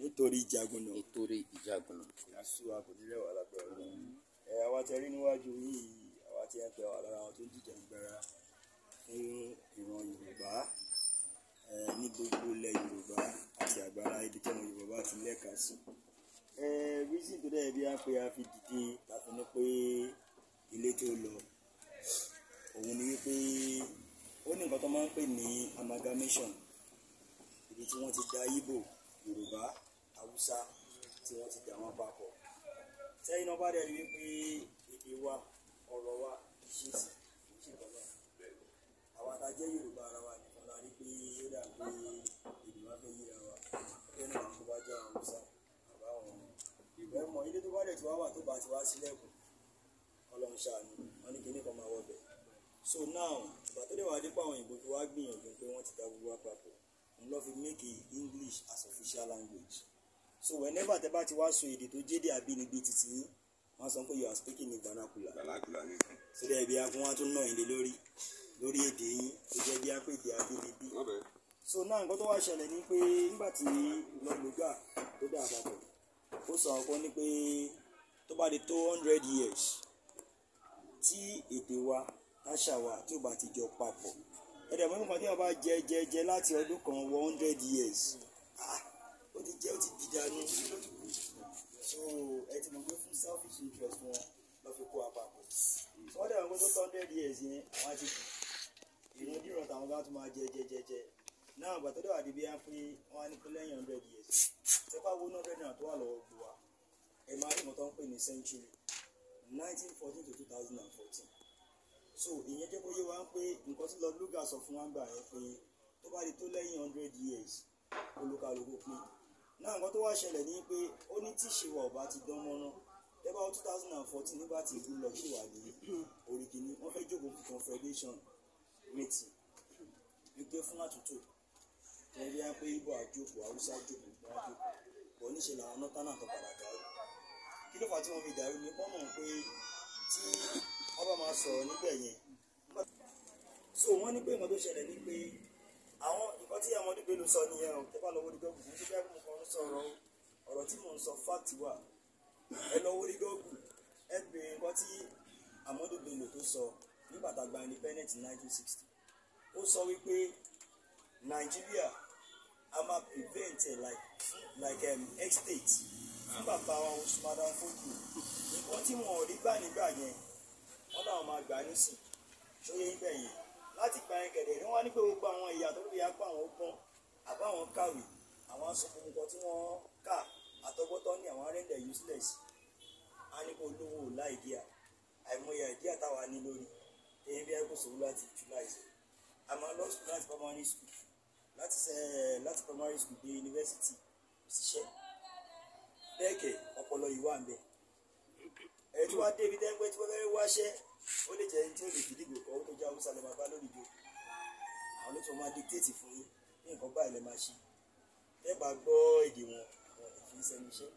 nítorí ìjagunà. nítorí ìjagunà. yasù àkònílẹ̀ wà lágbára ẹ àwa tẹ rí níwájú yìí àwa tẹ ń pẹ wà lára àwọn tó ń dìjà gbára fún ìran yorùbá ní gbogbo ilẹ̀ yorùbá àti àgbára ibi tí àwọn yorùbá ti lẹ́ka sí. rísì tó dẹ̀ bí a pé a fi dìde tàbí ní pé ilé tó lọ òun ni wípé ó ní nǹkan tó máa ń pè ní amalgamation ibi tí wọ́n ti da ibo yorùbá haúsá tí wọ́n ti dà wọ́n papọ̀ sẹ́yìn náà bá dẹ̀ rí wípé èdè wa ọ̀rọ̀ wa ṣe sí kì í ṣe bọ́lá àwọn àtàjẹ́ yorùbá ara wa nìkan la rí pé ó dà pé èdè wa fẹ́ yíra wa bẹ́ẹ̀ náà tó bá jẹ́ haúsá bàbá wọn ìgbẹ́ mọ ilé tó bá dẹ̀ tí wá wà tó bá ti wá sílẹ̀kùn ọlọ́run ṣàánú wọn ní kíní kan máa wọ so now ìgbà tó dẹ̀ wá dé pàwọn òyìnbó tó wá gbìyànjú pé wọ́n ti dà gbogbo wa ń lọ fi make English as official language so whenever tẹ bá ti wá sọ èdè tó jédè àbínibí títí yín wọ́n sọ pé you are speaking in vernacular so dẹ̀ bí akun wa tún nà èdè lórí lórí èdè yín tó jẹ́ bí apẹ́ èdè àbínibí so náà nǹkan tó wá ṣẹlẹ̀ ni pé nígbà tí lọ́gbọ̀gà tó dà àbàbọ̀ ó sọ ọ̀kan ni pé tó bá di tó hundred years tí èdè wa àṣà wa tí ò bá ti jọ papọ̀ ẹ̀dẹ̀ mọ́ nípa tí wọ́n bá jẹ jẹ jẹ láti ọdún kan wọ hundred years ah, ó ti jẹ́ ó ti di dànù so ẹ ti mọ̀ pé fún selfish interest wọn lọ́ fi kó apapọ̀ so wọ́n dẹ̀ wọ́n tó tó hundred years yẹn àwọn ti kù ìran díran táwọn bá tún máa jẹ jẹ jẹ jẹ náà àgbàtọ́ dẹ̀ wà débi á pé wọ́n á ní pé lẹ́yìn hundred years tẹ́pá wo hundred náà tó wà lọ́wọ́ gbọ́ wa ẹ̀ máa rí mọ́tọ́ ń pè ní century nineteen fourteen to two thousand and fourteen so ìyẹn jẹ́ kó yé wa pé nǹkan tí Lord Lugard sọ fún wa ń gbà yẹn pé tó bá di tó lẹ́yìn hundred years olúkàlùkù pín náà nǹkan tó wá ṣẹlẹ̀ ní pé ó ní tí ìṣèwà ọba ti dán mọ́ná lẹ́bàá two thousand and fourteen nígbà tí ìlú lọ ṣèwà ní orí kìíní wọ́n fẹ́ jókòó fún confederation meeting wípé fún àtúntò wọ́n rí pé ibo àjòkò haúsá àjòkò wọ́n àjòkò bọ́ níṣẹ́ làwọn nọ́tánà tó padà dárú kí ló fà tí wọ́n fi dárú ni wọ́n mọ̀ pé tí a bá máa sọ̀rọ̀ níbẹ̀ yẹn so wọ́n ní pé nǹkan tó ṣẹlẹ̀ ni pé àwọn nǹkan tí àwọn onígbèlú sọ nìyẹn o tẹ́ bá lọ wọlé gọ́ọ̀gù fún ṣẹ́fẹ́ mo kàn ń sọ̀rọ̀ ọ̀rọ̀ tí mò ń sọ fáàtì wà ẹ lọ wọlé gọ́ọ̀gù ẹ pè nǹkan tí Ahmadu Bello tó sọ nígbà tá a gba independent in 1960 ó sọ wípé Nàìjíríà a máa prevent ẹ like like um, ex-state fún bàbá wa Usman Dan Fodio nǹkan tí wọn ò rí gbà nígbà yẹn wọ́n láwọn máa gbà nísìn ṣóyé ibẹ̀ yìí láti gba ẹ̀yìn kẹ̀dẹ̀ ni wọ́n ní pé gbogbo àwọn ìyá tó lóye apá àwọn ọgbọ́n àbáwọn kàwé àwọn asopọ̀ nǹkan tí wọ́n kà àtọgbọ́tọ́ ní àwọn arẹ́ndẹ̀ useless á ní kó lówó láìdíà àìmọye àìdíà táwa ní lórí èyí bí ẹkọ sòwò láti july ṣe a máa lọ sùn láti primary school láti ṣe láti primary school dé university òṣìṣẹ́ bẹ́ẹ̀ kẹ́ ọpọlọ ìwà ń bẹ́ẹ̀ ẹni wàá débi dẹ́gbẹ́ tí wọ́n fẹ́ wáṣẹ́ ó lè jẹ́ tí ó lè fìdígbò kan ó lè jẹ́ haúsá lè máa bá àwọn ló tún máa dictate fún yín ní nǹkan báyìí lè máa ṣe lẹ́gbàá gbọ́ èdè wọn fi sẹ́nu iṣẹ́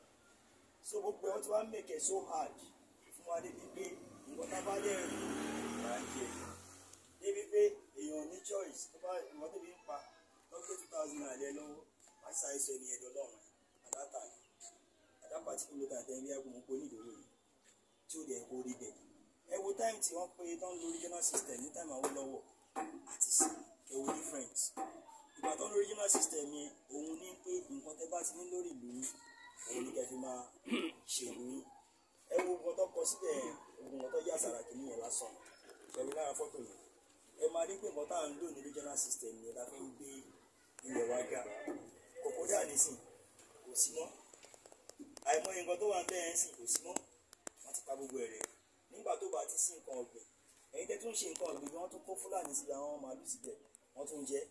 so gbogbo ẹ̀ wọ́n ti wá mẹ̀kẹ́ so hard fún wa débi pé nǹkan tá a bá lè rí là ń jẹ débi pé èèyàn ní choice tó bá ìwọ́n débi ń pa lọ́gbẹ́ two thousand naira lẹ́ lọ́wọ́ wá ṣàìsọ ẹni ẹ̀dọ́ lọ́rùn àdátà tí ó dẹ̀ kó rí bẹ̀ ẹ wo time tí wọ́n pé tán lo regional system ní time àwọn lọ́wọ́ àti sí ẹ wo difference ìgbà tán lo regional system yẹn òun ní pé nǹkan tẹ́ bá ti ní lórí ìlú yín òun ní kẹ́ fi máa ṣèlú yín ẹ wo nǹkan tó kọ síbẹ̀ nǹkan tó yà sàrà kìíní yẹn lásán pẹ̀lú lára fọ́tò yẹn ẹ máa rí pé nǹkan tá à ń lò ní regional system yẹn la fi ń gbé ilẹ̀ wa ga kò kọjá nísìn kò sí mọ́ àìmọye nǹkan tó wà ń bẹ́ẹ̀ ń sìn kò sí mọ́ wọ́n ti pa gbogbo ẹ̀rẹ̀ nígbà tó bá ti sí nǹkan ọ̀gbìn ẹ̀yin tẹ́ tún ṣe nǹkan ọ̀gbìn wọ́n tún kó fúlàní sí àwọn màálù síbẹ̀ wọ́n tún jẹ́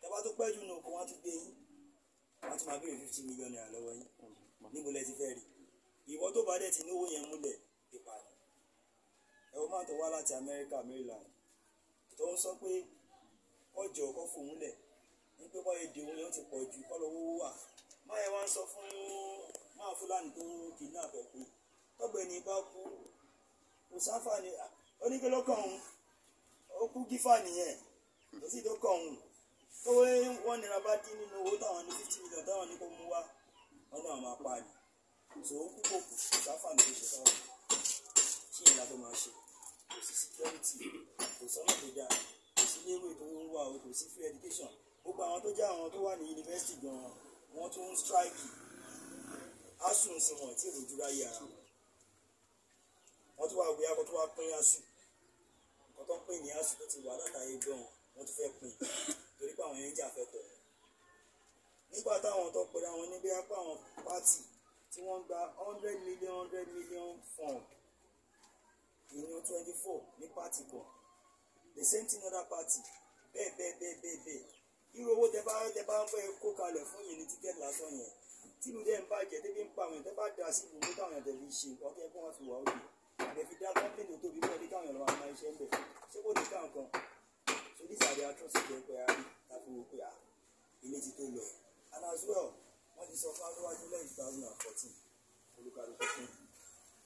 tẹ́ bá tó pẹ́ jù nù kó wọ́n tún gbé yín wọ́n tún máa béèrè fifty million naira lọ́wọ́ yín níbo lẹ ti fẹ́ rí ìwọ tó bá dẹ̀ ti náwó yẹn múlẹ̀ ìpànìyàn ẹ o máa tó wá láti Amẹ́ríkà Maryland tó ń sọ pé kọjọ kọ fòun ní pé kọ́ èdè òun yẹn ti pọ̀ jù kọ́ lọ́wọ́ wà máa yẹ wá ń sọ fún máa Fúlàní tó kidnap ẹ̀ pé tọ́gbẹ̀ni bá kú mùsáfà ni oníkẹ́ ló kàn ń ó kú gífà nìyẹn ó sì tó kàn ń tó wọ́n nira bá dín nínú owó táwọn ní fifty million táwọn ní kó mú wá wọ́n ní àwọn máa pa ni so ó kú kò kù mùsáfà ni táwọn kí ìlà tó máa ṣe kò sí security kò sọ́nà tó dáa kò sí ilé ìwé tó ń wà o kò sí free education gbogbo àwọn tó jẹ́ àwọn tó wà ní yunifásitì gan-an wọ́n tún ń strike asun sí wọn tí èrò jura yàrá wọn wọ́n tún wá gbé akọ tó wá pín aṣù nǹkan tó ń pín ní aṣù tó ti wà látàyè gan wọ́n tún fẹ́ pín torí pé àwọn yẹn ń jà fẹ́ tọ̀ nígbà táwọn tó pera wọn níbi apá àwọn pátì tí wọ́n gba hundred million hundred million fund ìyẹn twenty four ní pátì kan the same thing other party bẹ́ẹ̀ bẹ́ẹ̀ bẹ́ẹ̀ bẹ́ẹ̀ bẹ́ẹ̀ irú owó tẹ bá tẹ bá fẹ́ kó kalẹ̀ fún yìí ní tíkẹ́ẹ̀tì lásán yẹn tí ìlú dẹ́ ń bàjẹ́ débi ń pa àwọn èèyàn tẹ bá dà sí ìlú mú káwọn ṣe ọkẹ́ kí wọ́n fi wà ó dùn àdẹ fi dá kọ́ńtìnì tóbi mọ́ ẹni káwọn èèyàn máa ṣe ń bẹ̀ ṣé kò ní káwọn kan so this are the atrocity pé a rí tàbí wò pé a ah, ilé ti tó lọ and as well wọ́n ti sọ fún adéwájú lẹ́yìn two thousand and fourteen olùkàlùkù fún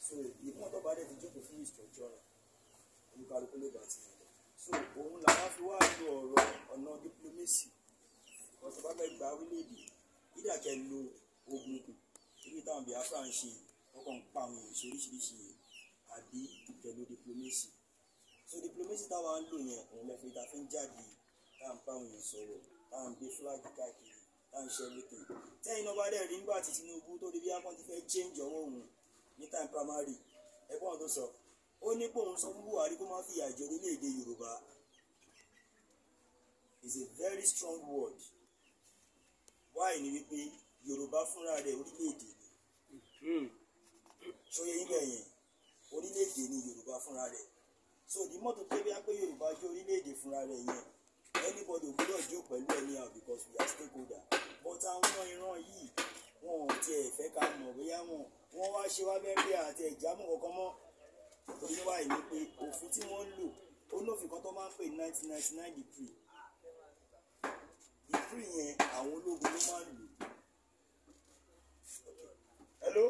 so ìmọ̀ tó bá dẹ̀ ti jókòó fún ìṣòjọ́ rẹ̀ olùkàlùkù ló bá ti yàn so òun làwọn fi wá lo ọ̀rọ̀ ọ̀nà diplomacy because bá fẹ́ gba orílẹ̀-èdè ìdàkẹ́ lo ogun kù èyí táwọn Biafra ń ṣe ọkàn ń pa àwọn èèyàn ṣe oríṣiríṣi yìí àbí pẹ̀lú diplomacy so diplomacy táwa ń lò yẹn òun lẹ́fẹ̀ẹ́ ta fi ń jáde tá à ń báwọn èèyàn sọ̀rọ̀ tá à ń gbé fúláàgì káàkiri tá à ń ṣe everything tẹ́yìn náà bá dẹ̀ rí nígbà tí Tinubu tó di bí akọ́n ti fẹ́ change ọwọ́ òun ní time primary ẹ̀gbọ́n tó sọ ó ní pé òun sọ fún Buhari kó má fìyà jẹ orílẹ̀-èdè Yorùbá is a very strong word why ni wípé Yorùbá fúnra rẹ̀ orílẹ̀-èdè ni hmm. ṣó yẹ yín bẹ́ẹ̀ yẹn yorùbá fúnra rẹ̀ so the more to take bíyà pé yorùbá jẹ́ orílẹ̀-èdè fúnra rẹ̀ yẹn anybody gbọ́dọ̀ jó pẹ̀lú ẹni àwọn because we are stakeholder but àwọn ìran yìí wọn ò tiẹ̀ fẹ́ ká mọ̀ bóyá wọn wọ́n wá ṣe wá bẹ́ẹ̀ bí àti ẹ̀jámọ̀ kankan mọ́ torí wá ìlú pé òfin tí wọ́n ń lò ó lófin kan tó máa ń pè nineteen ninety nine degree degree yẹn àwọn ológun ló máa ń lò. hello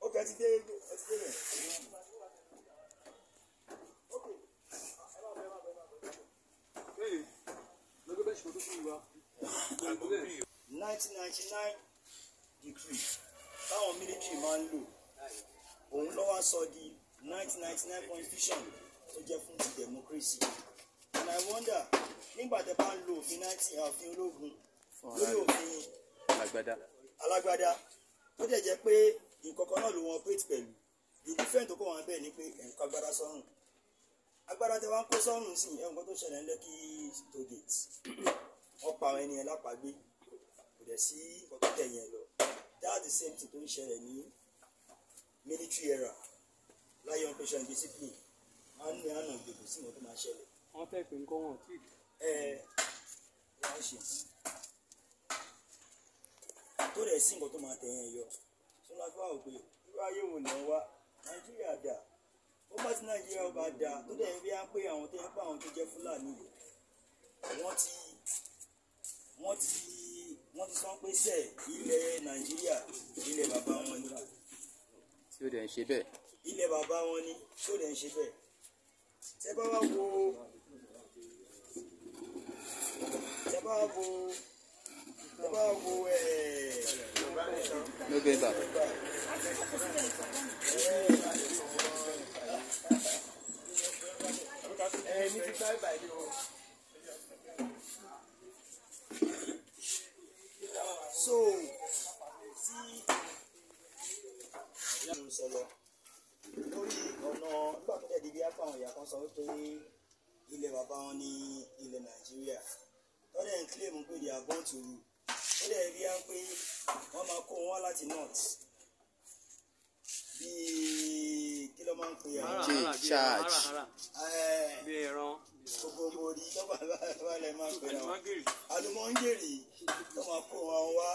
ó kẹ́ ti dé ẹ ti dé rẹ̀. nineteen ninety nine degree táwọn military máa ń lò òun lọ́wọ́ sọ di nineteen constitution tó jẹ́ fún ti democracy and i wonder nígbà tẹ́ bá ń lo òfin nineteen òfin ológun lórí òfin alágbádá tó dẹ̀ jẹ́ pé nǹkan kan náà ló wọn operate pẹ̀lú the different tó kọ́ wọn bẹ́ẹ̀ ni pé ẹ̀ka gbádá sọ́run agbára tẹ wá ń kó sọ́run sí ẹ̀ nǹkan tó ṣẹlẹ̀ ń lẹ́kí togate wọ́n pa àwọn ènìyàn lápàgbé kò dẹ̀ sí nǹkan tó tẹ̀yìn ẹ̀ lọ that the same thing tó ń ṣẹlẹ̀ ní military era láyé wọn patient discipline wọn ní àná gbogbo sí nǹkan tó máa ṣẹlẹ̀. wọ́n fẹ́ pé nǹkan wọn tí. ẹ ẹ wọ́n ṣe tó dẹ̀ sí nǹkan tó máa tẹ̀yìn ẹ̀ yọ sọlá fún àwọn pé irú ayé wo wá nàìjíríà dáa ó bá ti nàìjíríà ọba dáa tó dẹ̀ ń rí á pé àwọn tó yẹ pé àwọn tó jẹ́ fúlàní yìí wọ́n ti wọ́n ti wọ́n ti sọ pé sẹ́ẹ̀ ilẹ̀ nàìjíríà ilẹ̀ bàbá wọn ni. tí ó dẹ̀ ń ṣe bẹ́ẹ̀. ilẹ̀ bàbá wọn ni tí ó dẹ̀ ń ṣe bẹ́ẹ̀. tẹ́ bá wá wo tẹ́ bá wá wo tẹ́ bá wá wo ẹ̀ẹ́. so tí ìyá mi sọ lọ lórí ọ̀nà nígbà tó dẹ̀ àwọn ìyá kan sọ wípé ilẹ̀ bàbá wọn ní ilẹ̀ nàìjíríà wọ́n dẹ̀ ń claim pé they are born to rule ó rí á pé wọ́n máa kó wọn láti north bíi kí ló máa ń pè é. jay charge. bí ẹran. gbogbo orí lọ́ba balẹ̀ máa ń pè é. alumọ́ngèrè ló máa kó wọn wá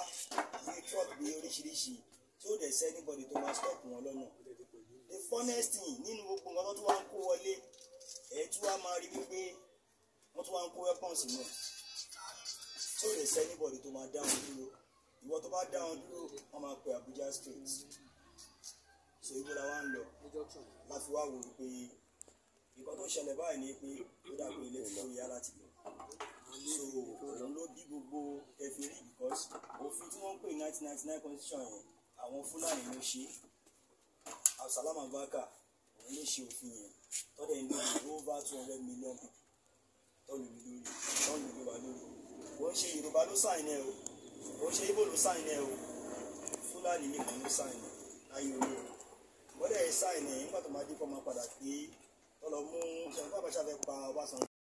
ní truck ní oríṣiríṣi tí ó dẹ̀ sẹ́ anybody tó máa stop wọn lọ́nà. the funnest thing nínú gbogbo nǹkan tó tún wá ń kó wọlé ẹ̀ tí wàá máa rí wípé anybody tó máa dá wọn dúró ìwọ tó bá dá wọn dúró wọ́n Abuja street so ibo la wá ń lọ la fi wá wò ó pé nǹkan tó ṣẹlẹ̀ báyìí ni pé ó dàgbé ilé tí kò yá láti lọ so òun ló bí gbogbo ẹ̀fẹ̀rí because òfin tí wọ́n ń pè ní nineteen ninety nine constitution yẹn àwọn fúlàní ló ṣe absalom abaka òun ló ṣe òfin yẹn tọ́lẹ̀ ní over two hundred million tọ́lù mi lórí tọ́lù mi wà lórí wọ́n ṣe yorùbá ló sáìn ẹ̀ o wọ́n ṣe ibo ló sáìn ẹ̀ o fúlàní nìkan ló sáìn ẹ̀ láyé olóró wọ́n dẹ̀ ṣáìnì nígbà tó máa dé kọ́ máa padà dé tọ́lọ mú ṣẹ̀fọ́ àbáṣà pa ọbaṣan